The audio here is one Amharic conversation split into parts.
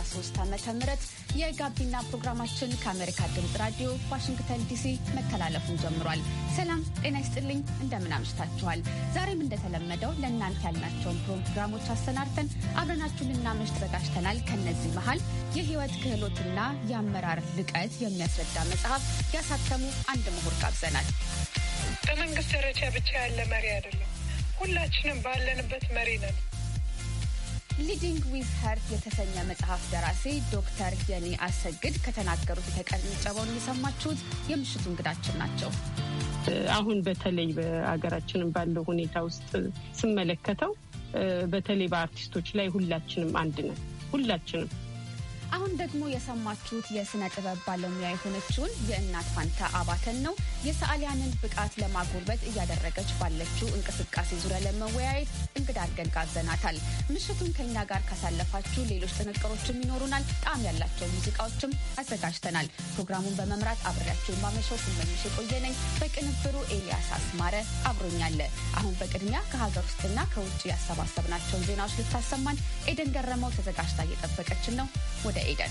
2013 ዓ ም የጋቢና ፕሮግራማችን ከአሜሪካ ድምፅ ራዲዮ ዋሽንግተን ዲሲ መተላለፉን ጀምሯል። ሰላም ጤና ይስጥልኝ፣ እንደምን አምሽታችኋል። ዛሬም እንደተለመደው ለእናንተ ያልናቸውን ፕሮግራሞች አሰናድተን አብረናችሁ ልናመሽ ተዘጋጅተናል። ከነዚህ መሀል የህይወት ክህሎትና የአመራር ልቀት የሚያስረዳ መጽሐፍ ያሳተሙ አንድ ምሁር ጋብዘናል። በመንግስት ደረጃ ብቻ ያለ መሪ አይደለም፣ ሁላችንም ባለንበት መሪ ነን። ሊዲንግ ዊዝ ሀርት የተሰኘ መጽሐፍ ደራሲ ዶክተር የኔ አሰግድ ከተናገሩት የተቀነጨበውን የሰማችሁት የምሽቱ እንግዳችን ናቸው። አሁን በተለይ በሀገራችንም ባለው ሁኔታ ውስጥ ስመለከተው በተለይ በአርቲስቶች ላይ ሁላችንም አንድ ነን። ሁላችንም አሁን ደግሞ የሰማችሁት የስነ ጥበብ ባለሙያ የሆነችውን የእናት ፋንታ አባተን ነው። የሰዓሊያንን ብቃት ለማጎልበት እያደረገች ባለችው እንቅስቃሴ ዙሪያ ለመወያየት እንግዳ አድርገን ጋብዘናታል። ምሽቱን ከኛ ጋር ካሳለፋችሁ ሌሎች ጥንቅሮችም ይኖሩናል። ጣዕም ያላቸው ሙዚቃዎችም አዘጋጅተናል። ፕሮግራሙን በመምራት አብሬያችሁን ማመሻው ስመኝሽ የቆየ ነኝ። በቅንብሩ ኤልያስ አስማረ አብሮኛለ። አሁን በቅድሚያ ከሀገር ውስጥና ከውጭ ያሰባሰብናቸውን ዜናዎች ልታሰማን ኤደን ገረመው ተዘጋጅታ እየጠበቀችን ነው። The Aiden.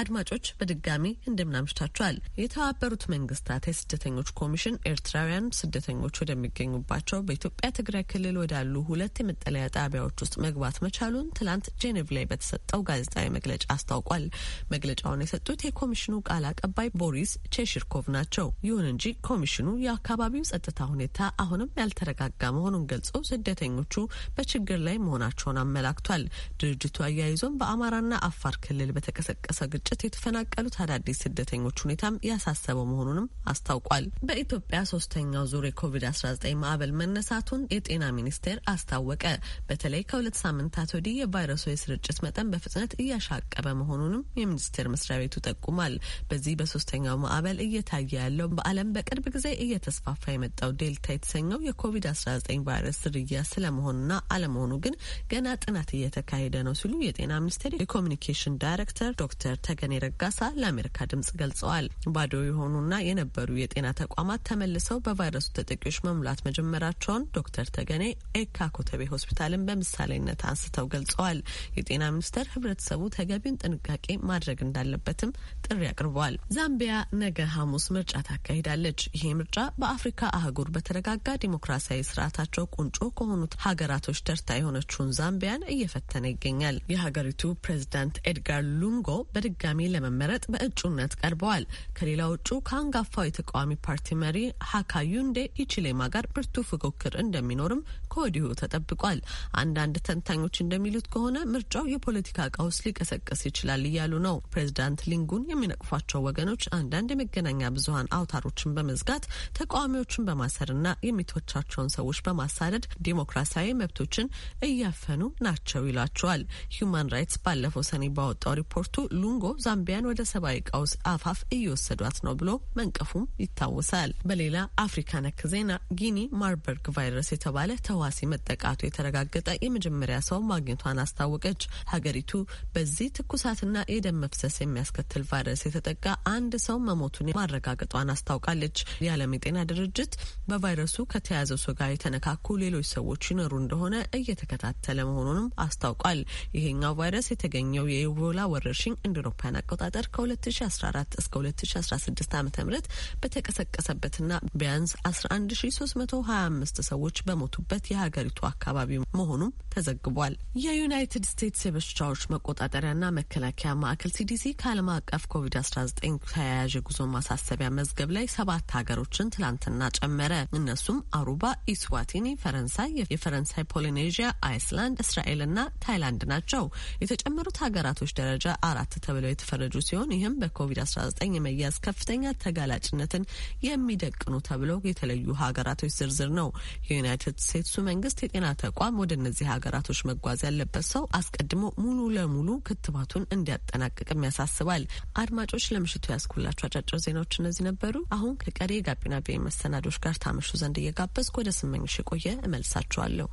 አድማጮች በድጋሚ እንደምናምሽታችኋል። የተባበሩት መንግስታት የስደተኞች ኮሚሽን ኤርትራውያን ስደተኞች ወደሚገኙባቸው በኢትዮጵያ ትግራይ ክልል ወዳሉ ሁለት የመጠለያ ጣቢያዎች ውስጥ መግባት መቻሉን ትላንት ጄኔቭ ላይ በተሰጠው ጋዜጣዊ መግለጫ አስታውቋል። መግለጫውን የሰጡት የኮሚሽኑ ቃል አቀባይ ቦሪስ ቼሽርኮቭ ናቸው። ይሁን እንጂ ኮሚሽኑ የአካባቢው ጸጥታ ሁኔታ አሁንም ያልተረጋጋ መሆኑን ገልጾ ስደተኞቹ በችግር ላይ መሆናቸውን አመላክቷል። ድርጅቱ አያይዞም በአማራና አፋር ክልል በተቀሰቀሰ ግጭት የተፈናቀሉት አዳዲስ ስደተኞች ሁኔታም ያሳሰበው መሆኑንም አስታውቋል። በኢትዮጵያ ሶስተኛው ዙር የኮቪድ-19 ማዕበል መነሳቱን የጤና ሚኒስቴር አስታወቀ። በተለይ ከሁለት ሳምንታት ወዲህ የቫይረሱ የስርጭት መጠን በፍጥነት እያሻቀበ መሆኑንም የሚኒስቴር መስሪያ ቤቱ ጠቁሟል። በዚህ በሶስተኛው ማዕበል እየታየ ያለው በዓለም በቅርብ ጊዜ እየተስፋፋ የመጣው ዴልታ የተሰኘው የኮቪድ-19 ቫይረስ ዝርያ ስለመሆኑና አለመሆኑ ግን ገና ጥናት እየተካሄደ ነው ሲሉ የጤና ሚኒስቴር የኮሚኒኬሽን ዳይሬክተር ዶክተር ተገኔ ረጋሳ ለአሜሪካ ድምጽ ገልጸዋል። ባዶ የሆኑና የነበሩ የጤና ተቋማት ተመልሰው በቫይረሱ ተጠቂዎች መሙላት መጀመራቸውን ዶክተር ተገኔ ኤካ ኮተቤ ሆስፒታልን በምሳሌነት አንስተው ገልጸዋል። የጤና ሚኒስቴር ህብረተሰቡ ተገቢውን ጥንቃቄ ማድረግ እንዳለበትም ጥሪ አቅርበዋል። ዛምቢያ ነገ ሐሙስ ምርጫ ታካሂዳለች። ይሄ ምርጫ በአፍሪካ አህጉር በተረጋጋ ዲሞክራሲያዊ ስርዓታቸው ቁንጮ ከሆኑት ሀገራቶች ተርታ የሆነችውን ዛምቢያን እየፈተነ ይገኛል። የሀገሪቱ ፕሬዚዳንት ኤድጋር ሉንጎ በድጋ በድጋሚ ለመመረጥ በእጩነት ቀርበዋል። ከሌላ ውጩ ከአንጋፋው የተቃዋሚ ፓርቲ መሪ ሀካዩንዴ ኢችሌማ ጋር ብርቱ ፉክክር እንደሚኖርም ከወዲሁ ተጠብቋል። አንዳንድ ተንታኞች እንደሚሉት ከሆነ ምርጫው የፖለቲካ ቀውስ ሊቀሰቅስ ይችላል እያሉ ነው። ፕሬዚዳንት ሊንጉን የሚነቅፏቸው ወገኖች አንዳንድ የመገናኛ ብዙሀን አውታሮችን በመዝጋት ተቃዋሚዎችን በማሰርና የሚቶቻቸውን ሰዎች በማሳደድ ዲሞክራሲያዊ መብቶችን እያፈኑ ናቸው ይሏቸዋል። ሁማን ራይትስ ባለፈው ሰኔ ባወጣው ሪፖርቱ ሉንጎ አድርጎ ዛምቢያን ወደ ሰብአዊ ቀውስ አፋፍ እየወሰዷት ነው ብሎ መንቀፉም ይታወሳል። በሌላ አፍሪካ ነክ ዜና ጊኒ ማርበርግ ቫይረስ የተባለ ተዋሲ መጠቃቱ የተረጋገጠ የመጀመሪያ ሰው ማግኘቷን አስታወቀች። ሀገሪቱ በዚህ ትኩሳትና የደም መፍሰስ የሚያስከትል ቫይረስ የተጠቃ አንድ ሰው መሞቱን ማረጋገጧን አስታውቃለች። የዓለም የጤና ድርጅት በቫይረሱ ከተያዘ ሰው ጋር የተነካኩ ሌሎች ሰዎች ይኖሩ እንደሆነ እየተከታተለ መሆኑንም አስታውቋል። ይሄኛው ቫይረስ የተገኘው የኢቦላ ወረርሽኝ እንደ አውሮፓውያን አቆጣጠር ከ2014 እስከ 2016 ዓ ም በተቀሰቀሰበትና ቢያንስ 11325 ሰዎች በሞቱበት የሀገሪቱ አካባቢ መሆኑም ተዘግቧል። የዩናይትድ ስቴትስ የበሽታዎች መቆጣጠሪያና መከላከያ ማዕከል ሲዲሲ ከዓለም አቀፍ ኮቪድ-19 ተያያዥ የጉዞ ማሳሰቢያ መዝገብ ላይ ሰባት ሀገሮችን ትላንትና ጨመረ። እነሱም አሩባ፣ ኢስዋቲኒ፣ ፈረንሳይ፣ የፈረንሳይ ፖሊኔዥያ፣ አይስላንድ፣ እስራኤልና ታይላንድ ናቸው። የተጨመሩት ሀገራቶች ደረጃ አራት ተብለው ተብለው የተፈረጁ ሲሆን ይህም በኮቪድ-19 የመያዝ ከፍተኛ ተጋላጭነትን የሚደቅኑ ተብለው የተለዩ ሀገራቶች ዝርዝር ነው። የዩናይትድ ስቴትሱ መንግስት የጤና ተቋም ወደ እነዚህ ሀገራቶች መጓዝ ያለበት ሰው አስቀድሞ ሙሉ ለሙሉ ክትባቱን እንዲያጠናቅቅም ያሳስባል። አድማጮች ለምሽቱ ያስኩላቸው አጫጭር ዜናዎች እነዚህ ነበሩ። አሁን ከቀሪ የጋቢና ቤ መሰናዶች ጋር ታመሹ ዘንድ እየጋበዝኩ ወደ ስመኝሽ የቆየ እመልሳችኋለሁ።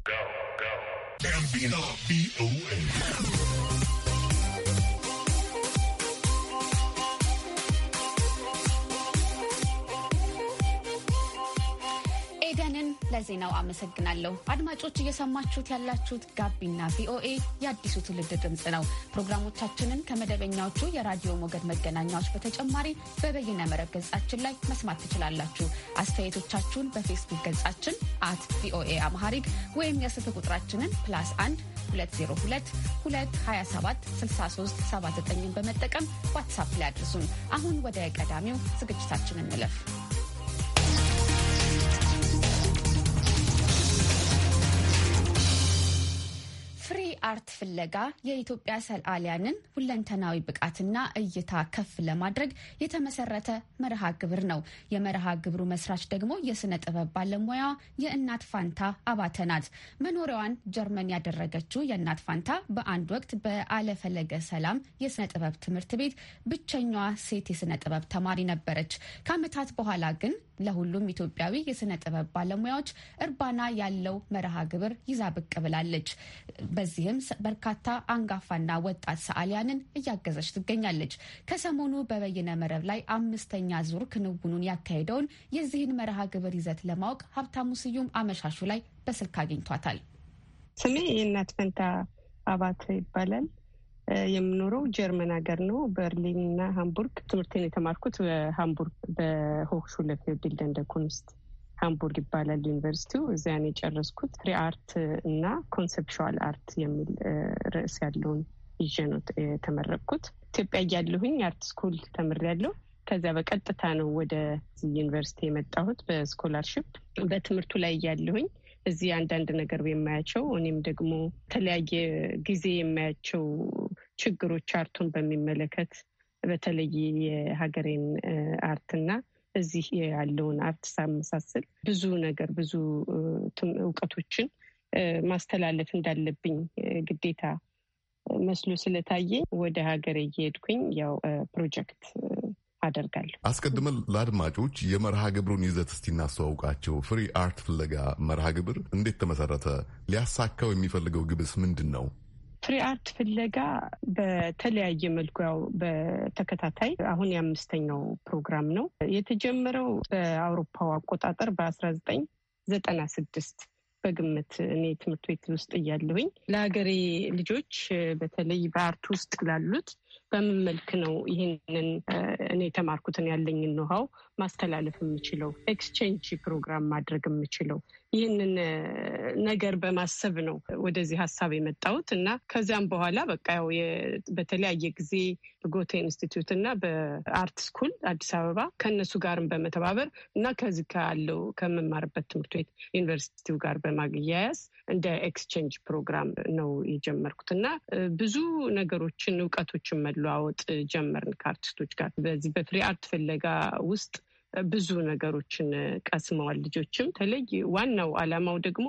ለዜናው አመሰግናለሁ። አድማጮች እየሰማችሁት ያላችሁት ጋቢና ቪኦኤ የአዲሱ ትውልድ ድምፅ ነው። ፕሮግራሞቻችንን ከመደበኛዎቹ የራዲዮ ሞገድ መገናኛዎች በተጨማሪ በበይነ መረብ ገጻችን ላይ መስማት ትችላላችሁ። አስተያየቶቻችሁን በፌስቡክ ገጻችን አት ቪኦኤ አምሃሪክ ወይም የስልክ ቁጥራችንን ፕላስ 1 202 227 6379 በመጠቀም ዋትሳፕ ላይ አድርሱን። አሁን ወደ ቀዳሚው ዝግጅታችን እንለፍ። አርት ፍለጋ የኢትዮጵያ ሰልአሊያንን ሁለንተናዊ ብቃትና እይታ ከፍ ለማድረግ የተመሰረተ መርሃ ግብር ነው። የመርሃ ግብሩ መስራች ደግሞ የስነ ጥበብ ባለሙያ የእናት ፋንታ አባተ ናት። መኖሪያዋን ጀርመን ያደረገችው የእናት ፋንታ በአንድ ወቅት በአለፈለገ ሰላም የስነ ጥበብ ትምህርት ቤት ብቸኛዋ ሴት የስነ ጥበብ ተማሪ ነበረች። ከአመታት በኋላ ግን ለሁሉም ኢትዮጵያዊ የስነ ጥበብ ባለሙያዎች እርባና ያለው መርሃ ግብር ይዛ ብቅ ብላለች። በዚህም አሁንም በርካታ አንጋፋና ወጣት ሰዓሊያንን እያገዘች ትገኛለች። ከሰሞኑ በበይነ መረብ ላይ አምስተኛ ዙር ክንውኑን ያካሄደውን የዚህን መርሃ ግብር ይዘት ለማወቅ ሀብታሙ ስዩም አመሻሹ ላይ በስልክ አግኝቷታል። ስሜ ይህናት ፈንታ አባት ይባላል። የምኖረው ጀርመን ሀገር ነው። በርሊን እና ሃምቡርግ ትምህርቴን የተማርኩት በሃምቡርግ በሆክሹለፌ ቢልደንደ ኩንስት ሃምቡርግ ይባላል ዩኒቨርሲቲው። እዚያን የጨረስኩት ፍሪ አርት እና ኮንሰፕዋል አርት የሚል ርዕስ ያለውን ይዤ ነው የተመረቅኩት። ኢትዮጵያ እያለሁኝ አርት ስኩል ተምሬያለሁ። ከዚያ በቀጥታ ነው ወደ ዩኒቨርሲቲ የመጣሁት በስኮላርሽፕ። በትምህርቱ ላይ እያለሁኝ እዚህ አንዳንድ ነገር የማያቸው እኔም ደግሞ የተለያየ ጊዜ የማያቸው ችግሮች አርቱን በሚመለከት በተለይ የሀገሬን አርትና እዚህ ያለውን አርት ሳመሳስል ብዙ ነገር ብዙ እውቀቶችን ማስተላለፍ እንዳለብኝ ግዴታ መስሎ ስለታየኝ ወደ ሀገር እየሄድኩኝ ያው ፕሮጀክት አደርጋለሁ። አስቀድመን ለአድማጮች የመርሃ ግብሩን ይዘት እስቲ እናስተዋውቃቸው። ፍሪ አርት ፍለጋ መርሃ ግብር እንዴት ተመሰረተ? ሊያሳካው የሚፈልገው ግብስ ምንድን ነው? ፍሪ አርት ፍለጋ በተለያየ መልኩ ያው በተከታታይ አሁን የአምስተኛው ፕሮግራም ነው የተጀመረው በአውሮፓው አቆጣጠር በአስራ ዘጠኝ ዘጠና ስድስት በግምት እኔ ትምህርት ቤት ውስጥ እያለሁኝ ለሀገሬ ልጆች በተለይ በአርት ውስጥ ላሉት በምን መልክ ነው ይህንን እኔ የተማርኩትን ያለኝን ኖሃው ማስተላለፍ የምችለው ኤክስቼንጅ ፕሮግራም ማድረግ የምችለው ይህንን ነገር በማሰብ ነው ወደዚህ ሀሳብ የመጣሁት እና ከዚያም በኋላ በቃ ያው በተለያየ ጊዜ በጎቴ ኢንስቲትዩት እና በአርት ስኩል አዲስ አበባ ከእነሱ ጋርም በመተባበር እና ከዚህ ካለው ከምማርበት ትምህርት ቤት ዩኒቨርሲቲው ጋር በማግያያዝ እንደ ኤክስቼንጅ ፕሮግራም ነው የጀመርኩት እና ብዙ ነገሮችን እውቀቶችን መለዋወጥ ጀመርን ከአርቲስቶች ጋር በዚህ በፍሪ አርት ፍለጋ ውስጥ ብዙ ነገሮችን ቀስመዋል። ልጆችም ተለይ ዋናው አላማው ደግሞ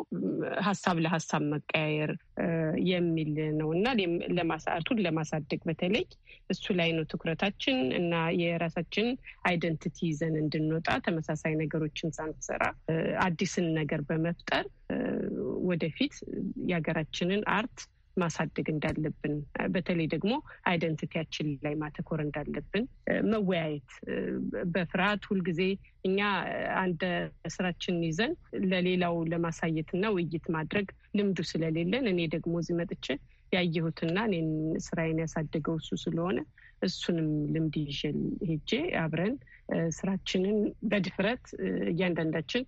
ሀሳብ ለሀሳብ መቀያየር የሚል ነው እና ለማሳቱን ለማሳደግ በተለይ እሱ ላይ ነው ትኩረታችን እና የራሳችን አይደንቲቲ ይዘን እንድንወጣ ተመሳሳይ ነገሮችን ሳንሰራ አዲስን ነገር በመፍጠር ወደፊት የሀገራችንን አርት ማሳደግ እንዳለብን፣ በተለይ ደግሞ አይደንቲቲያችን ላይ ማተኮር እንዳለብን መወያየት በፍርሃት ሁልጊዜ እኛ አንድ ስራችን ይዘን ለሌላው ለማሳየትና ውይይት ማድረግ ልምዱ ስለሌለን እኔ ደግሞ እዚህ መጥቼ ያየሁትና እኔን ስራዬን ያሳደገው እሱ ስለሆነ እሱንም ልምድ ይዤ ሄጄ አብረን ስራችንን በድፍረት እያንዳንዳችን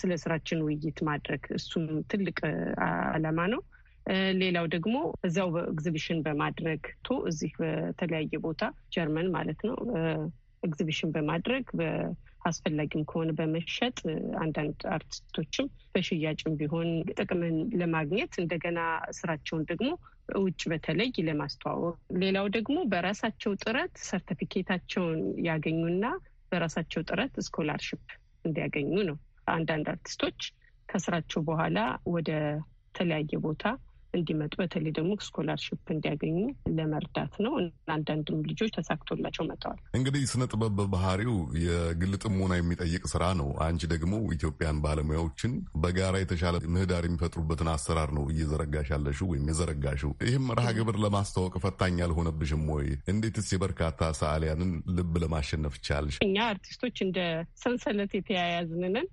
ስለ ስራችን ውይይት ማድረግ እሱም ትልቅ አላማ ነው። ሌላው ደግሞ እዚያው ኤግዚቢሽን በማድረግ ቶ እዚህ በተለያየ ቦታ ጀርመን ማለት ነው ኤግዚቢሽን በማድረግ አስፈላጊም ከሆነ በመሸጥ አንዳንድ አርቲስቶችም በሽያጭም ቢሆን ጥቅምን ለማግኘት እንደገና ስራቸውን ደግሞ ውጭ በተለይ ለማስተዋወቅ ሌላው ደግሞ በራሳቸው ጥረት ሰርተፊኬታቸውን ያገኙና በራሳቸው ጥረት ስኮላርሽፕ እንዲያገኙ ነው። አንዳንድ አርቲስቶች ከስራቸው በኋላ ወደ ተለያየ ቦታ እንዲመጡ በተለይ ደግሞ ስኮላርሽፕ እንዲያገኙ ለመርዳት ነው። አንዳንድም ልጆች ተሳክቶላቸው መጥተዋል። እንግዲህ ስነ ጥበብ በባህሪው የግል ጥሞና የሚጠይቅ ስራ ነው። አንቺ ደግሞ ኢትዮጵያን ባለሙያዎችን በጋራ የተሻለ ምህዳር የሚፈጥሩበትን አሰራር ነው እየዘረጋሽ ያለሽው ወይም የዘረጋሽው። ይህም መርሃ ግብር ለማስተዋወቅ ፈታኝ አልሆነብሽም ወይ? እንዴትስ የበርካታ ሰዓሊያንን ልብ ለማሸነፍ ቻልሽ? እኛ አርቲስቶች እንደ ሰንሰለት የተያያዝንንን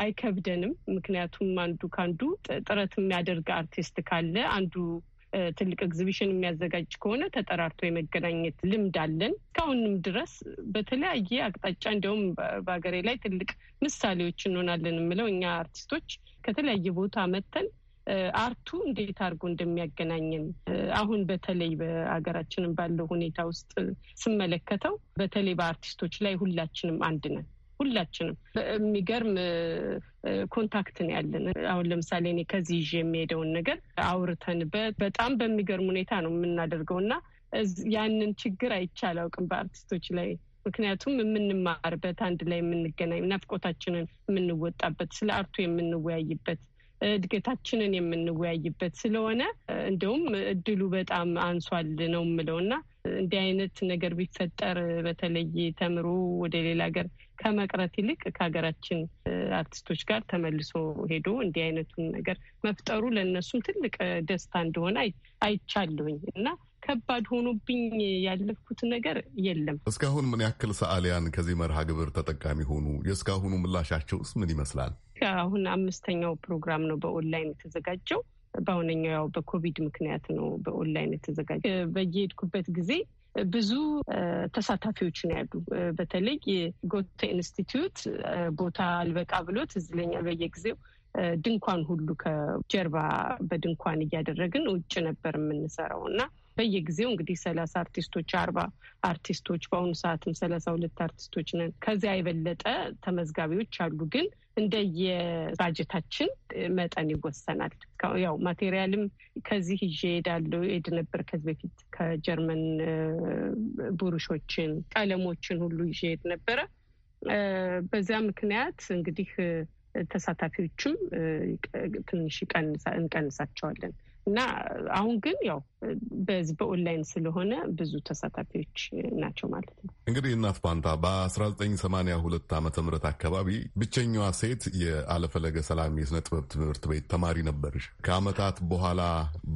አይከብደንም። ምክንያቱም አንዱ ከአንዱ ጥረት የሚያደርግ አርቲስት ካለ አንዱ ትልቅ ኤግዚቢሽን የሚያዘጋጅ ከሆነ ተጠራርቶ የመገናኘት ልምድ አለን። እስካሁንም ድረስ በተለያየ አቅጣጫ እንዲሁም በሀገሬ ላይ ትልቅ ምሳሌዎች እንሆናለን የምለው እኛ አርቲስቶች ከተለያየ ቦታ መተን አርቱ እንዴት አድርጎ እንደሚያገናኘን አሁን በተለይ በሀገራችንም ባለው ሁኔታ ውስጥ ስመለከተው በተለይ በአርቲስቶች ላይ ሁላችንም አንድ ነን። ሁላችንም የሚገርም ኮንታክት ነው ያለን። አሁን ለምሳሌ እኔ ከዚህ ይዤ የሚሄደውን ነገር አውርተንበት በጣም በሚገርም ሁኔታ ነው የምናደርገው እና ያንን ችግር አይቻል አውቅም በአርቲስቶች ላይ ምክንያቱም የምንማርበት አንድ ላይ የምንገናኝ ናፍቆታችንን የምንወጣበት ስለ አርቱ የምንወያይበት እድገታችንን የምንወያይበት ስለሆነ እንደውም እድሉ በጣም አንሷል ነው የምለው እና እንዲህ አይነት ነገር ቢፈጠር በተለይ ተምሮ ወደ ሌላ ሀገር ከመቅረት ይልቅ ከሀገራችን አርቲስቶች ጋር ተመልሶ ሄዶ እንዲህ አይነቱን ነገር መፍጠሩ ለእነሱም ትልቅ ደስታ እንደሆነ አይቻለሁኝ እና ከባድ ሆኖብኝ ያለፍኩት ነገር የለም። እስካሁን ምን ያክል ሰዓሊያን ከዚህ መርሃ ግብር ተጠቃሚ ሆኑ? የእስካሁኑ ምላሻቸውስ ምን ይመስላል? አሁን አምስተኛው ፕሮግራም ነው በኦንላይን የተዘጋጀው። በአሁነኛው ያው በኮቪድ ምክንያት ነው በኦንላይን የተዘጋጀ። በየሄድኩበት ጊዜ ብዙ ተሳታፊዎች ነው ያሉ። በተለይ የጎተ ኢንስቲትዩት ቦታ አልበቃ ብሎት እዚህ በየጊዜው ድንኳን ሁሉ ከጀርባ በድንኳን እያደረግን ውጭ ነበር የምንሰራው እና በየጊዜው እንግዲህ ሰላሳ አርቲስቶች አርባ አርቲስቶች በአሁኑ ሰዓትም ሰላሳ ሁለት አርቲስቶች ነን። ከዚያ የበለጠ ተመዝጋቢዎች አሉ ግን እንደየባጀታችን መጠን ይወሰናል። ያው ማቴሪያልም ከዚህ ይዤ እሄዳለሁ ሄድ ነበር ከዚህ በፊት ከጀርመን ብሩሾችን፣ ቀለሞችን ሁሉ ይዤ ነበረ። በዚያ ምክንያት እንግዲህ ተሳታፊዎችም ትንሽ እንቀንሳቸዋለን። እና አሁን ግን ያው በዚህ በኦንላይን ስለሆነ ብዙ ተሳታፊዎች ናቸው ማለት ነው። እንግዲህ እናት ፋንታ በ1982 ዓመተ ምህረት አካባቢ ብቸኛዋ ሴት የአለፈለገ ሰላም የስነ ጥበብ ትምህርት ቤት ተማሪ ነበርሽ። ከአመታት በኋላ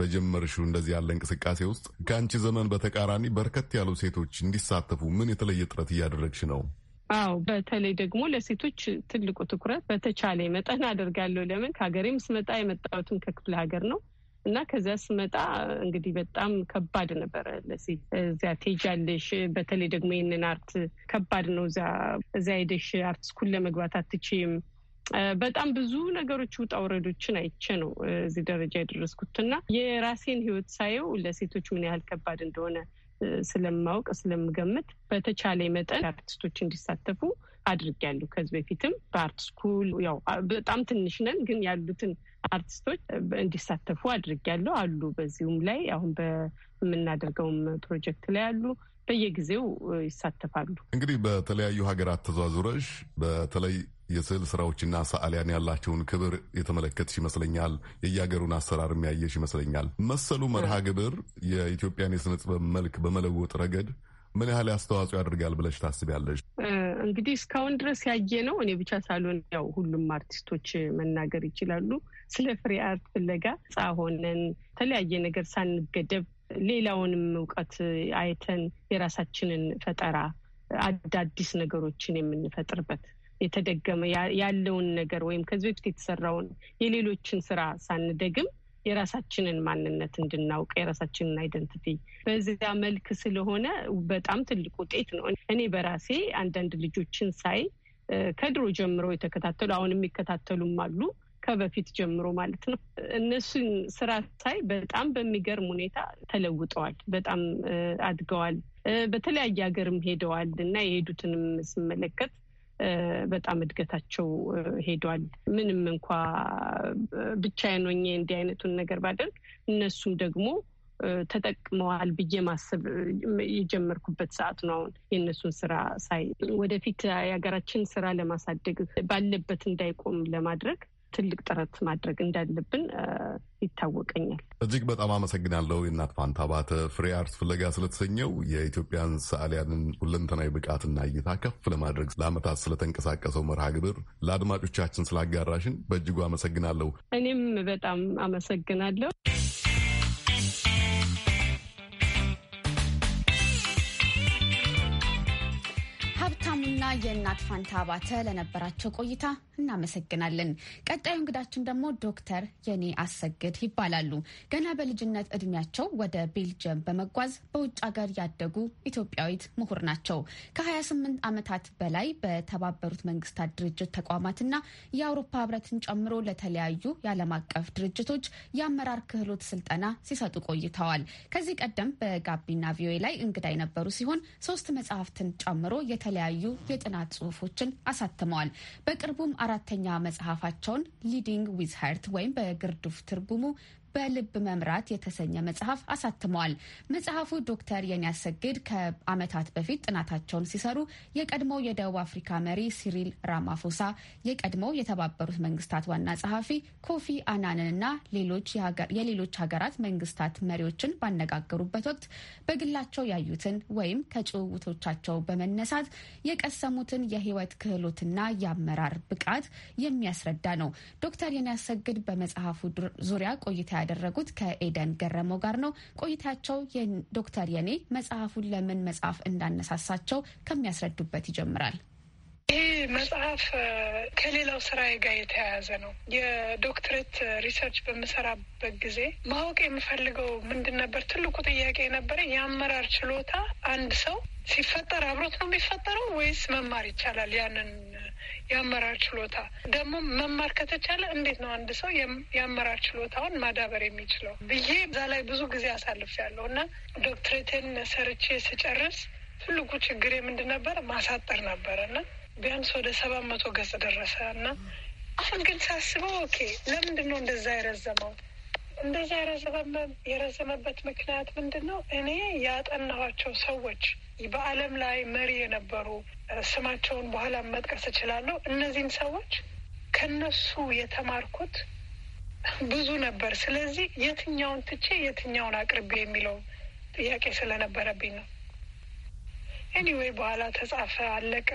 በጀመርሽው እንደዚህ ያለ እንቅስቃሴ ውስጥ ከአንቺ ዘመን በተቃራኒ በርከት ያሉ ሴቶች እንዲሳተፉ ምን የተለየ ጥረት እያደረግሽ ነው? አዎ በተለይ ደግሞ ለሴቶች ትልቁ ትኩረት በተቻለ መጠን አደርጋለሁ። ለምን ከሀገሬም ስመጣ የመጣሁትም ከክፍለ ሀገር ነው እና ከዚያ ስመጣ እንግዲህ በጣም ከባድ ነበረ። ለዚህ እዚያ ትሄጃለሽ፣ በተለይ ደግሞ ይህንን አርት ከባድ ነው። እዚያ ሄደሽ አርት ስኩል ለመግባት አትችይም። በጣም ብዙ ነገሮች ውጣ ውረዶችን አይቼ ነው እዚህ ደረጃ የደረስኩትና የራሴን ህይወት ሳየው ለሴቶች ምን ያህል ከባድ እንደሆነ ስለማውቅ ስለምገምት በተቻለ መጠን አርቲስቶች እንዲሳተፉ አድርጊያለሁ። ከዚህ በፊትም በአርት ስኩል ያው በጣም ትንሽ ነን፣ ግን ያሉትን አርቲስቶች እንዲሳተፉ አድርጊያለሁ አሉ። በዚሁም ላይ አሁን በምናደርገውም ፕሮጀክት ላይ አሉ። በየጊዜው ይሳተፋሉ። እንግዲህ በተለያዩ ሀገራት ተዟዙረሽ በተለይ የስዕል ስራዎችና ሰዓሊያን ያላቸውን ክብር የተመለከትሽ ይመስለኛል። የየሀገሩን አሰራር የሚያየሽ ይመስለኛል። መሰሉ መርሃ ግብር የኢትዮጵያን የስነ ጥበብ መልክ በመለወጥ ረገድ ምን ያህል አስተዋጽኦ ያደርጋል ብለሽ ታስቢያለሽ? እንግዲህ እስካሁን ድረስ ያየ ነው። እኔ ብቻ ሳልሆን ያው ሁሉም አርቲስቶች መናገር ይችላሉ። ስለ ፍሪ አርት ፍለጋ ጻ ሆነን የተለያየ ነገር ሳንገደብ ሌላውንም እውቀት አይተን የራሳችንን ፈጠራ አዳዲስ ነገሮችን የምንፈጥርበት የተደገመ ያለውን ነገር ወይም ከዚህ በፊት የተሰራውን የሌሎችን ስራ ሳንደግም የራሳችንን ማንነት እንድናውቅ የራሳችንን አይደንቲቲ በዚያ መልክ ስለሆነ በጣም ትልቅ ውጤት ነው። እኔ በራሴ አንዳንድ ልጆችን ሳይ ከድሮ ጀምሮ የተከታተሉ አሁን የሚከታተሉም አሉ ከበፊት ጀምሮ ማለት ነው። እነሱን ስራ ሳይ በጣም በሚገርም ሁኔታ ተለውጠዋል፣ በጣም አድገዋል። በተለያየ ሀገርም ሄደዋል እና የሄዱትንም ስመለከት በጣም እድገታቸው ሄዷል። ምንም እንኳ ብቻዬን ሆኜ እንዲህ አይነቱን ነገር ባደርግ እነሱም ደግሞ ተጠቅመዋል ብዬ ማሰብ የጀመርኩበት ሰዓት ነው። አሁን የእነሱን ስራ ሳይ ወደፊት የሀገራችን ስራ ለማሳደግ ባለበት እንዳይቆም ለማድረግ ትልቅ ጥረት ማድረግ እንዳለብን ይታወቀኛል። እጅግ በጣም አመሰግናለሁ። የእናት ፋንታ ባተ ፍሬ አርት ፍለጋ ስለተሰኘው የኢትዮጵያን ሰዓሊያንን ሁለንተናዊ ብቃትና እይታ ከፍ ለማድረግ ለአመታት ስለተንቀሳቀሰው መርሃ ግብር ለአድማጮቻችን ስላጋራሽን በእጅጉ አመሰግናለሁ። እኔም በጣም አመሰግናለሁ። ሀብታሙና የእናት ፋንታ አባተ ለነበራቸው ቆይታ እናመሰግናለን። ቀጣዩ እንግዳችን ደግሞ ዶክተር የኔ አሰግድ ይባላሉ። ገና በልጅነት እድሜያቸው ወደ ቤልጅየም በመጓዝ በውጭ ሀገር ያደጉ ኢትዮጵያዊት ምሁር ናቸው። ከ28 ዓመታት በላይ በተባበሩት መንግስታት ድርጅት ተቋማትና የአውሮፓ ህብረትን ጨምሮ ለተለያዩ የዓለም አቀፍ ድርጅቶች የአመራር ክህሎት ስልጠና ሲሰጡ ቆይተዋል። ከዚህ ቀደም በጋቢና ቪኦኤ ላይ እንግዳ የነበሩ ሲሆን ሶስት መጽሐፍትን ጨምሮ የተለያዩ የተለያዩ የጥናት ጽሁፎችን አሳትመዋል። በቅርቡም አራተኛ መጽሐፋቸውን ሊዲንግ ዊዝ ሀርት ወይም በግርዱፍ ትርጉሙ በልብ መምራት የተሰኘ መጽሐፍ አሳትመዋል። መጽሐፉ ዶክተር የኒያሰግድ ከዓመታት በፊት ጥናታቸውን ሲሰሩ የቀድሞ የደቡብ አፍሪካ መሪ ሲሪል ራማፎሳ፣ የቀድሞ የተባበሩት መንግስታት ዋና ጸሐፊ ኮፊ አናንንና ሌሎች የሌሎች ሀገራት መንግስታት መሪዎችን ባነጋገሩበት ወቅት በግላቸው ያዩትን ወይም ከጭውውቶቻቸው በመነሳት የቀሰሙትን የህይወት ክህሎትና የአመራር ብቃት የሚያስረዳ ነው። ዶክተር የኒያሰግድ በመጽሐፉ ዙሪያ ቆይታ ያደረጉት ከኤደን ገረመው ጋር ነው። ቆይታቸው ዶክተር የኔ መጽሐፉን ለምን መጽሐፍ እንዳነሳሳቸው ከሚያስረዱበት ይጀምራል። ይህ መጽሐፍ ከሌላው ስራዬ ጋር የተያያዘ ነው። የዶክትሬት ሪሰርች በምሰራበት ጊዜ ማወቅ የምፈልገው ምንድን ነበር? ትልቁ ጥያቄ የነበረኝ የአመራር ችሎታ አንድ ሰው ሲፈጠር አብሮት ነው የሚፈጠረው ወይስ መማር ይቻላል? ያንን የአመራር ችሎታ ደግሞ መማር ከተቻለ እንዴት ነው አንድ ሰው የአመራር ችሎታውን ማዳበር የሚችለው ብዬ እዛ ላይ ብዙ ጊዜ ያለው እና ዶክትሬቴን ሰርቼ ስጨርስ ትልቁ ችግር ምንድን ነበረ? ማሳጠር ነበረ እና ቢያንስ ወደ ሰባት መቶ ገጽ ደረሰ እና አሁን ግን ሳስበው ኦኬ ለምንድን ነው እንደዛ የረዘመው እንደዚያ የረዘመበት ምክንያት ምንድን ነው? እኔ ያጠናኋቸው ሰዎች በዓለም ላይ መሪ የነበሩ ስማቸውን በኋላ መጥቀስ እችላለሁ። እነዚህን ሰዎች ከነሱ የተማርኩት ብዙ ነበር። ስለዚህ የትኛውን ትቼ የትኛውን አቅርቤ የሚለው ጥያቄ ስለነበረብኝ ነው። ኤኒዌይ በኋላ ተጻፈ፣ አለቀ።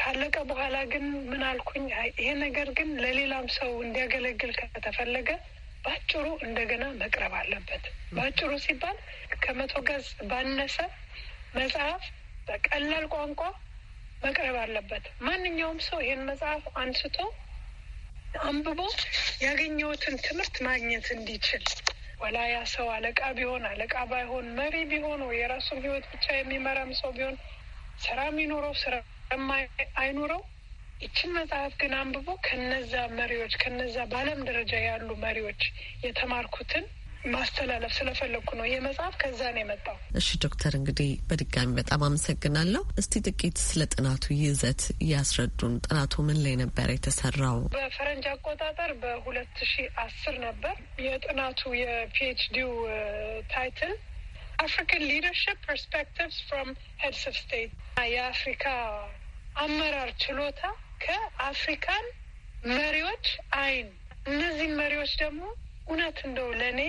ካለቀ በኋላ ግን ምን አልኩኝ፣ ይሄ ነገር ግን ለሌላም ሰው እንዲያገለግል ከተፈለገ በአጭሩ እንደገና መቅረብ አለበት። በአጭሩ ሲባል ከመቶ ገጽ ባነሰ መጽሐፍ በቀላል ቋንቋ መቅረብ አለበት። ማንኛውም ሰው ይህን መጽሐፍ አንስቶ አንብቦ ያገኘሁትን ትምህርት ማግኘት እንዲችል ወላያ ሰው አለቃ ቢሆን አለቃ ባይሆን መሪ ቢሆን ወይ የራሱን ሕይወት ብቻ የሚመራም ሰው ቢሆን ስራ የሚኖረው ስራ አይኑረው ይችን መጽሐፍ ግን አንብቦ ከነዛ መሪዎች ከነዛ በዓለም ደረጃ ያሉ መሪዎች የተማርኩትን ማስተላለፍ ስለፈለግኩ ነው። ይህ መጽሐፍ ከዛ ነው የመጣው። እሺ ዶክተር፣ እንግዲህ በድጋሚ በጣም አመሰግናለሁ። እስቲ ጥቂት ስለ ጥናቱ ይዘት እያስረዱን። ጥናቱ ምን ላይ ነበር የተሰራው? በፈረንጅ አቆጣጠር በሁለት ሺ አስር ነበር የጥናቱ የፒኤችዲው ታይትል አፍሪካን ሊደርሽፕ ፐርስፔክቲቭስ ፍሮም ሄድስ ኦፍ ስቴት የአፍሪካ አመራር ችሎታ ከአፍሪካን መሪዎች አይን እነዚህ መሪዎች ደግሞ እውነት እንደው ለእኔ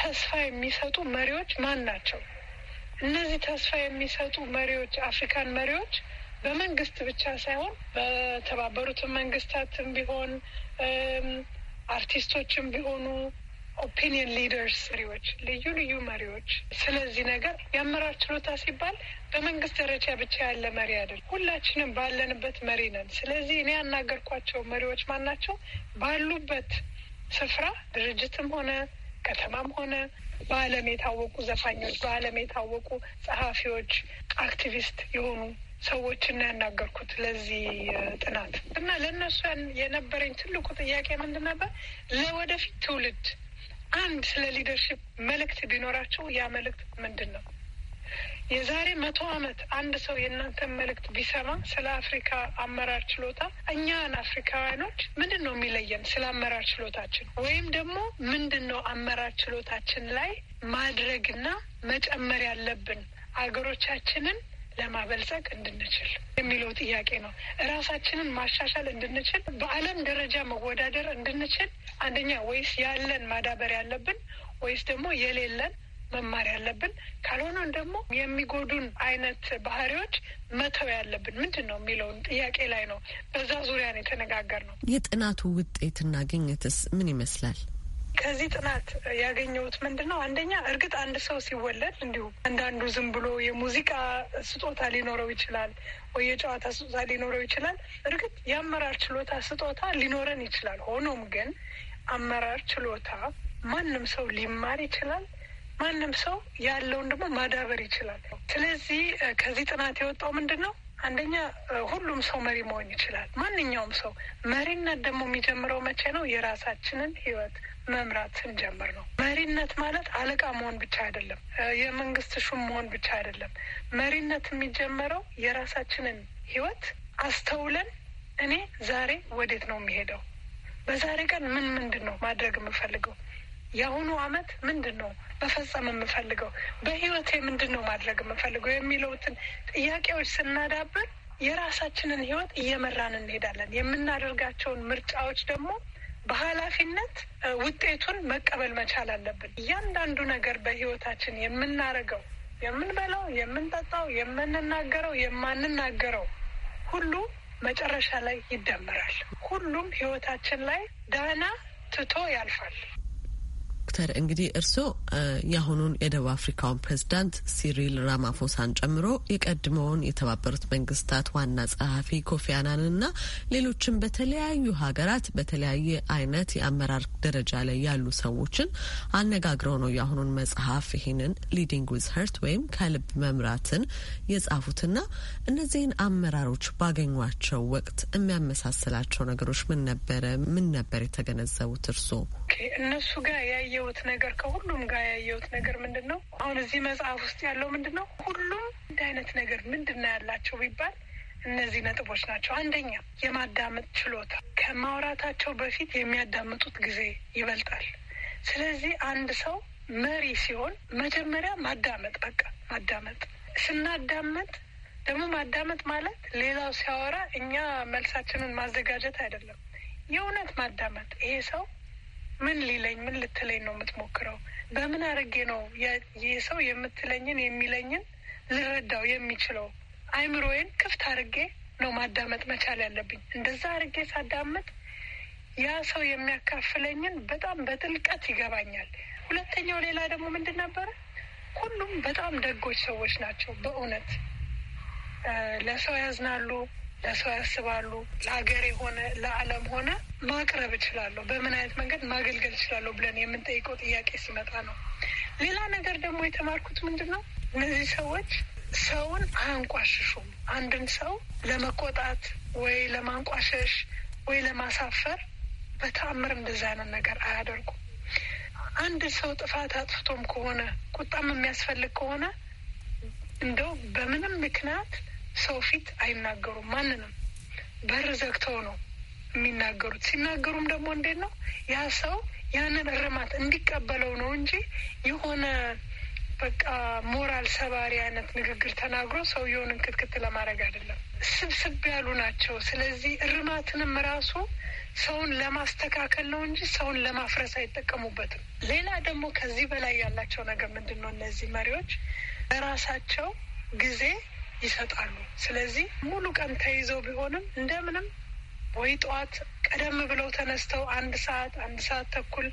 ተስፋ የሚሰጡ መሪዎች ማን ናቸው? እነዚህ ተስፋ የሚሰጡ መሪዎች አፍሪካን መሪዎች በመንግስት ብቻ ሳይሆን በተባበሩትን መንግስታትም ቢሆን አርቲስቶችም ቢሆኑ ኦፒኒየን ሊደርስ መሪዎች፣ ልዩ ልዩ መሪዎች። ስለዚህ ነገር የአመራር ችሎታ ሲባል በመንግስት ደረጃ ብቻ ያለ መሪ አይደል፣ ሁላችንም ባለንበት መሪ ነን። ስለዚህ እኔ ያናገርኳቸው መሪዎች ማናቸው ባሉበት ስፍራ ድርጅትም ሆነ ከተማም ሆነ በዓለም የታወቁ ዘፋኞች፣ በዓለም የታወቁ ጸሐፊዎች፣ አክቲቪስት የሆኑ ሰዎችና ያናገርኩት ለዚህ ጥናት እና ለእነሱ የነበረኝ ትልቁ ጥያቄ ምንድን ነበር? ለወደፊት ትውልድ አንድ ስለ ሊደርሽፕ መልእክት ቢኖራቸው ያ መልእክት ምንድን ነው? የዛሬ መቶ ዓመት አንድ ሰው የእናንተን መልእክት ቢሰማ ስለ አፍሪካ አመራር ችሎታ እኛን አፍሪካውያኖች ምንድን ነው የሚለየን ስለ አመራር ችሎታችን ወይም ደግሞ ምንድን ነው አመራር ችሎታችን ላይ ማድረግና መጨመር ያለብን አገሮቻችንን ለማበልጸግ እንድንችል የሚለው ጥያቄ ነው። እራሳችንን ማሻሻል እንድንችል፣ በዓለም ደረጃ መወዳደር እንድንችል አንደኛ ወይስ ያለን ማዳበር ያለብን ወይስ ደግሞ የሌለን መማር ያለብን ካልሆነን ደግሞ የሚጎዱን አይነት ባህሪዎች መተው ያለብን ምንድን ነው የሚለውን ጥያቄ ላይ ነው። በዛ ዙሪያ ነው የተነጋገር ነው። የጥናቱ ውጤትና ግኝትስ ምን ይመስላል? ከዚህ ጥናት ያገኘሁት ምንድን ነው? አንደኛ እርግጥ አንድ ሰው ሲወለድ እንዲሁ አንዳንዱ ዝም ብሎ የሙዚቃ ስጦታ ሊኖረው ይችላል፣ ወይ የጨዋታ ስጦታ ሊኖረው ይችላል። እርግጥ የአመራር ችሎታ ስጦታ ሊኖረን ይችላል። ሆኖም ግን አመራር ችሎታ ማንም ሰው ሊማር ይችላል። ማንም ሰው ያለውን ደግሞ ማዳበር ይችላል። ስለዚህ ከዚህ ጥናት የወጣው ምንድን ነው? አንደኛ ሁሉም ሰው መሪ መሆን ይችላል። ማንኛውም ሰው መሪነት ደግሞ የሚጀምረው መቼ ነው? የራሳችንን ህይወት መምራት ስንጀምር ነው። መሪነት ማለት አለቃ መሆን ብቻ አይደለም፣ የመንግስት ሹም መሆን ብቻ አይደለም። መሪነት የሚጀመረው የራሳችንን ህይወት አስተውለን እኔ ዛሬ ወዴት ነው የሚሄደው፣ በዛሬ ቀን ምን ምንድን ነው ማድረግ የምፈልገው የአሁኑ አመት ምንድን ነው መፈጸም የምፈልገው በህይወቴ ምንድን ነው ማድረግ የምፈልገው የሚለውትን ጥያቄዎች ስናዳብር የራሳችንን ህይወት እየመራን እንሄዳለን። የምናደርጋቸውን ምርጫዎች ደግሞ በኃላፊነት ውጤቱን መቀበል መቻል አለብን። እያንዳንዱ ነገር በህይወታችን የምናደርገው የምንበላው፣ የምንጠጣው፣ የምንናገረው፣ የማንናገረው ሁሉ መጨረሻ ላይ ይደመራል። ሁሉም ህይወታችን ላይ ዳና ትቶ ያልፋል። ዶክተር እንግዲህ እርስዎ የአሁኑን የደቡብ አፍሪካውን ፕሬዚዳንት ሲሪል ራማፎሳን ጨምሮ የቀድሞውን የተባበሩት መንግስታት ዋና ጸሐፊ ኮፊ አናንና ሌሎችን በተለያዩ ሀገራት በተለያየ አይነት የአመራር ደረጃ ላይ ያሉ ሰዎችን አነጋግረው ነው የአሁኑን መጽሐፍ ይህንን ሊዲንግ ዊዝ ሀርት ወይም ከልብ መምራትን የጻፉትና እነዚህን አመራሮች ባገኟቸው ወቅት የሚያመሳስላቸው ነገሮች ምን ነበረ? ምን ነበር የተገነዘቡት እርስዎ? እነሱ ጋር ያየሁት ነገር ከሁሉም ጋር ያየሁት ነገር ምንድን ነው? አሁን እዚህ መጽሐፍ ውስጥ ያለው ምንድን ነው? ሁሉም እንደ አይነት ነገር ምንድን ነው ያላቸው ቢባል እነዚህ ነጥቦች ናቸው። አንደኛ የማዳመጥ ችሎታ፣ ከማውራታቸው በፊት የሚያዳምጡት ጊዜ ይበልጣል። ስለዚህ አንድ ሰው መሪ ሲሆን መጀመሪያ ማዳመጥ፣ በቃ ማዳመጥ። ስናዳመጥ ደግሞ ማዳመጥ ማለት ሌላው ሲያወራ እኛ መልሳችንን ማዘጋጀት አይደለም፣ የእውነት ማዳመጥ። ይሄ ሰው ምን ሊለኝ ምን ልትለኝ ነው የምትሞክረው? በምን አድርጌ ነው ይህ ሰው የምትለኝን የሚለኝን ልረዳው የሚችለው? አይምሮዬን ክፍት አድርጌ ነው ማዳመጥ መቻል ያለብኝ። እንደዛ አድርጌ ሳዳመጥ ያ ሰው የሚያካፍለኝን በጣም በጥልቀት ይገባኛል። ሁለተኛው ሌላ ደግሞ ምንድን ነበረ? ሁሉም በጣም ደጎች ሰዎች ናቸው። በእውነት ለሰው ያዝናሉ፣ ለሰው ያስባሉ። ለሀገር የሆነ ለዓለም ሆነ ማቅረብ እችላለሁ፣ በምን አይነት መንገድ ማገልገል እችላለሁ ብለን የምንጠይቀው ጥያቄ ሲመጣ ነው። ሌላ ነገር ደግሞ የተማርኩት ምንድን ነው፣ እነዚህ ሰዎች ሰውን አያንቋሽሹም። አንድን ሰው ለመቆጣት ወይ ለማንቋሸሽ ወይ ለማሳፈር በተአምር እንደዛ አይነት ነገር አያደርጉም። አንድ ሰው ጥፋት አጥፍቶም ከሆነ ቁጣም የሚያስፈልግ ከሆነ እንደው በምንም ምክንያት ሰው ፊት አይናገሩም። ማንንም በር ዘግተው ነው የሚናገሩት። ሲናገሩም ደግሞ እንዴት ነው ያ ሰው ያንን እርማት እንዲቀበለው ነው እንጂ የሆነ በቃ ሞራል ሰባሪ አይነት ንግግር ተናግሮ ሰውየውን እንክትክት ለማድረግ አይደለም። ስብስብ ያሉ ናቸው። ስለዚህ እርማትንም ራሱ ሰውን ለማስተካከል ነው እንጂ ሰውን ለማፍረስ አይጠቀሙበትም። ሌላ ደግሞ ከዚህ በላይ ያላቸው ነገር ምንድን ነው? እነዚህ መሪዎች ለራሳቸው ጊዜ ይሰጣሉ። ስለዚህ ሙሉ ቀን ተይዘው ቢሆንም እንደምንም ወይ ጠዋት ቀደም ብለው ተነስተው አንድ ሰዓት አንድ ሰዓት ተኩል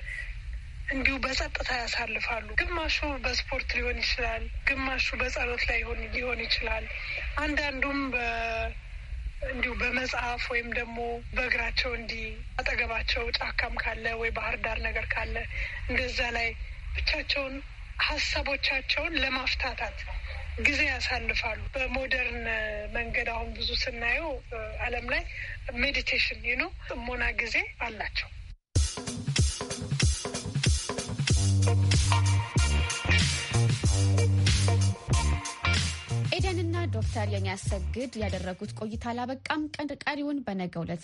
እንዲሁ በጸጥታ ያሳልፋሉ። ግማሹ በስፖርት ሊሆን ይችላል፣ ግማሹ በጸሎት ላይ ሊሆን ይችላል። አንዳንዱም እንዲሁ በመጽሐፍ ወይም ደግሞ በእግራቸው እንዲህ አጠገባቸው ጫካም ካለ ወይ ባህር ዳር ነገር ካለ እንደዛ ላይ ብቻቸውን ሀሳቦቻቸውን ለማፍታታት ጊዜ ያሳልፋሉ። በሞደርን መንገድ አሁን ብዙ ስናየው ዓለም ላይ ሜዲቴሽን ነው ጥሞና ጊዜ አላቸው። ዶክተር የሚያሰግድ ያደረጉት ቆይታ አላበቃም። ቀሪውን በነገ ሁለት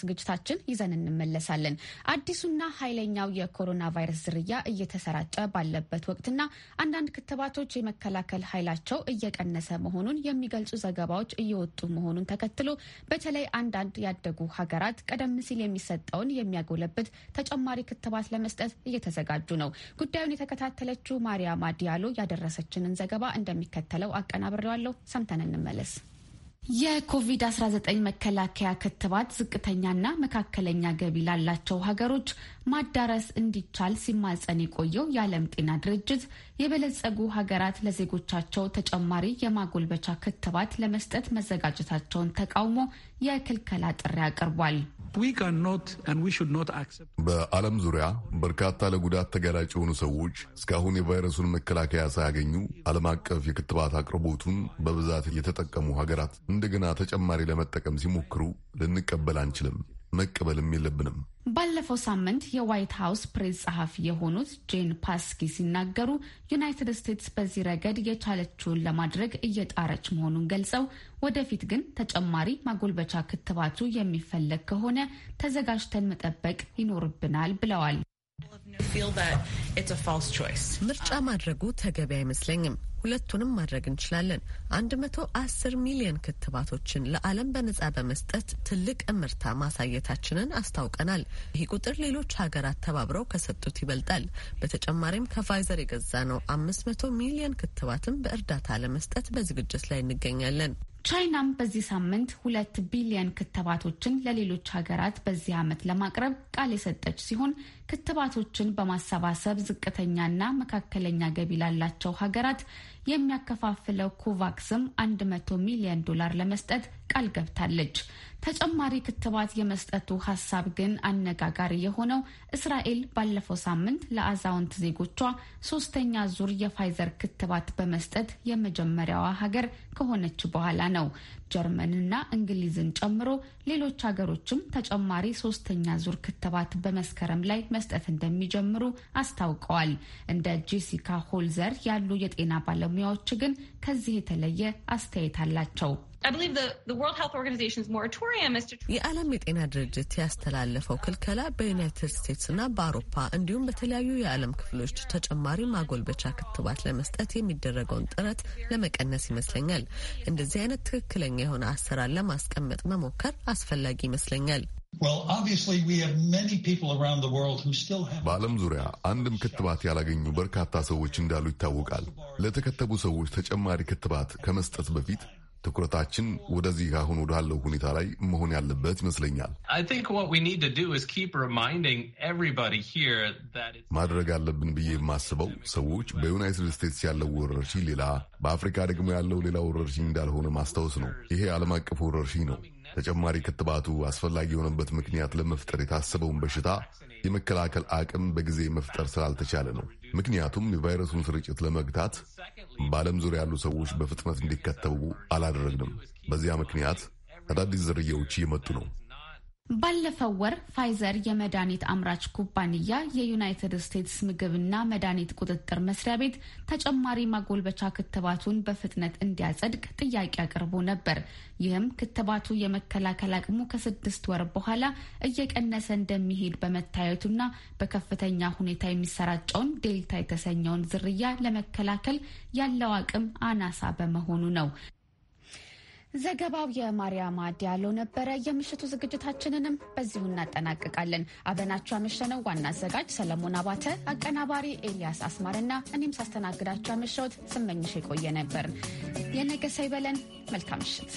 ዝግጅታችን ይዘን እንመለሳለን። አዲሱና ኃይለኛው የኮሮና ቫይረስ ዝርያ እየተሰራጨ ባለበት ወቅትና አንዳንድ ክትባቶች የመከላከል ኃይላቸው እየቀነሰ መሆኑን የሚገልጹ ዘገባዎች እየወጡ መሆኑን ተከትሎ በተለይ አንዳንድ ያደጉ ሀገራት ቀደም ሲል የሚሰጠውን የሚያጎለብት ተጨማሪ ክትባት ለመስጠት እየተዘጋጁ ነው። ጉዳዩን የተከታተለችው ማሪያማ ዲያሎ ያደረሰችንን ዘገባ እንደሚከተለው አቀናብሬዋለሁ ሰምተናል። ተመልሰን እንመለስ። የኮቪድ-19 መከላከያ ክትባት ዝቅተኛና መካከለኛ ገቢ ላላቸው ሀገሮች ማዳረስ እንዲቻል ሲማጸን የቆየው የዓለም ጤና ድርጅት የበለጸጉ ሀገራት ለዜጎቻቸው ተጨማሪ የማጎልበቻ ክትባት ለመስጠት መዘጋጀታቸውን ተቃውሞ የክልከላ ጥሪ አቅርቧል። በዓለም ዙሪያ በርካታ ለጉዳት ተጋላጭ የሆኑ ሰዎች እስካሁን የቫይረሱን መከላከያ ሳያገኙ ዓለም አቀፍ የክትባት አቅርቦቱን በብዛት የተጠቀሙ ሀገራት እንደገና ተጨማሪ ለመጠቀም ሲሞክሩ ልንቀበል አንችልም፣ መቀበልም የለብንም። ባለፈው ሳምንት የዋይት ሀውስ ፕሬስ ጸሐፊ የሆኑት ጄን ፓስኪ ሲናገሩ ዩናይትድ ስቴትስ በዚህ ረገድ የቻለችውን ለማድረግ እየጣረች መሆኑን ገልጸው ወደፊት ግን ተጨማሪ ማጎልበቻ ክትባቱ የሚፈለግ ከሆነ ተዘጋጅተን መጠበቅ ይኖርብናል ብለዋል። ምርጫ um, ማድረጉ ተገቢ አይመስለኝም። ሁለቱንም ማድረግ እንችላለን። አንድ መቶ አስር ሚሊዮን ክትባቶችን ለዓለም በነጻ በመስጠት ትልቅ እምርታ ማሳየታችንን አስታውቀናል። ይህ ቁጥር ሌሎች ሀገራት ተባብረው ከሰጡት ይበልጣል። በተጨማሪም ከፋይዘር የገዛ ነው አምስት መቶ ሚሊዮን ክትባትን በእርዳታ ለመስጠት በዝግጅት ላይ እንገኛለን። ቻይናም በዚህ ሳምንት ሁለት ቢሊየን ክትባቶችን ለሌሎች ሀገራት በዚህ ዓመት ለማቅረብ ቃል የሰጠች ሲሆን ክትባቶችን በማሰባሰብ ዝቅተኛና መካከለኛ ገቢ ላላቸው ሀገራት የሚያከፋፍለው ኮቫክስም 100 ሚሊዮን ዶላር ለመስጠት ቃል ገብታለች። ተጨማሪ ክትባት የመስጠቱ ሀሳብ ግን አነጋጋሪ የሆነው እስራኤል ባለፈው ሳምንት ለአዛውንት ዜጎቿ ሶስተኛ ዙር የፋይዘር ክትባት በመስጠት የመጀመሪያዋ ሀገር ከሆነች በኋላ ነው። ጀርመንና እንግሊዝን ጨምሮ ሌሎች ሀገሮችም ተጨማሪ ሶስተኛ ዙር ክትባት በመስከረም ላይ መስጠት እንደሚጀምሩ አስታውቀዋል። እንደ ጄሲካ ሆልዘር ያሉ የጤና ባለሙያዎች ግን ከዚህ የተለየ አስተያየት አላቸው። የዓለም የጤና ድርጅት ያስተላለፈው ክልከላ በዩናይትድ ስቴትስ እና በአውሮፓ እንዲሁም በተለያዩ የዓለም ክፍሎች ተጨማሪ ማጎልበቻ ክትባት ለመስጠት የሚደረገውን ጥረት ለመቀነስ ይመስለኛል። እንደዚህ አይነት ትክክለኛ የሆነ አሰራር ለማስቀመጥ መሞከር አስፈላጊ ይመስለኛል። በዓለም ዙሪያ አንድም ክትባት ያላገኙ በርካታ ሰዎች እንዳሉ ይታወቃል። ለተከተቡ ሰዎች ተጨማሪ ክትባት ከመስጠት በፊት ትኩረታችን ወደዚህ አሁን ወዳለው ሁኔታ ላይ መሆን ያለበት ይመስለኛል። ማድረግ አለብን ብዬ የማስበው ሰዎች በዩናይትድ ስቴትስ ያለው ወረርሽኝ ሌላ፣ በአፍሪካ ደግሞ ያለው ሌላ ወረርሽኝ እንዳልሆነ ማስታወስ ነው። ይሄ ዓለም አቀፍ ወረርሽኝ ነው። ተጨማሪ ክትባቱ አስፈላጊ የሆነበት ምክንያት ለመፍጠር የታሰበውን በሽታ የመከላከል አቅም በጊዜ መፍጠር ስላልተቻለ ነው። ምክንያቱም የቫይረሱን ስርጭት ለመግታት በዓለም ዙሪያ ያሉ ሰዎች በፍጥነት እንዲከተቡ አላደረግንም። በዚያ ምክንያት አዳዲስ ዝርያዎች እየመጡ ነው። ባለፈው ወር ፋይዘር የመድኃኒት አምራች ኩባንያ የዩናይትድ ስቴትስ ምግብና መድኃኒት ቁጥጥር መስሪያ ቤት ተጨማሪ ማጎልበቻ ክትባቱን በፍጥነት እንዲያጸድቅ ጥያቄ አቅርቦ ነበር። ይህም ክትባቱ የመከላከል አቅሙ ከስድስት ወር በኋላ እየቀነሰ እንደሚሄድ በመታየቱና በከፍተኛ ሁኔታ የሚሰራጨውን ዴልታ የተሰኘውን ዝርያ ለመከላከል ያለው አቅም አናሳ በመሆኑ ነው። ዘገባው የማርያማ ዲያሎ ነበረ። የምሽቱ ዝግጅታችንንም በዚሁ እናጠናቅቃለን። አብረናችሁ ያመሸነው ዋና አዘጋጅ ሰለሞን አባተ፣ አቀናባሪ ኤልያስ አስማርና እኔም ሳስተናግዳችሁ ያመሸሁት ስመኝሽ የቆየ ነበር። የነገ ሰው ይበለን። መልካም ምሽት።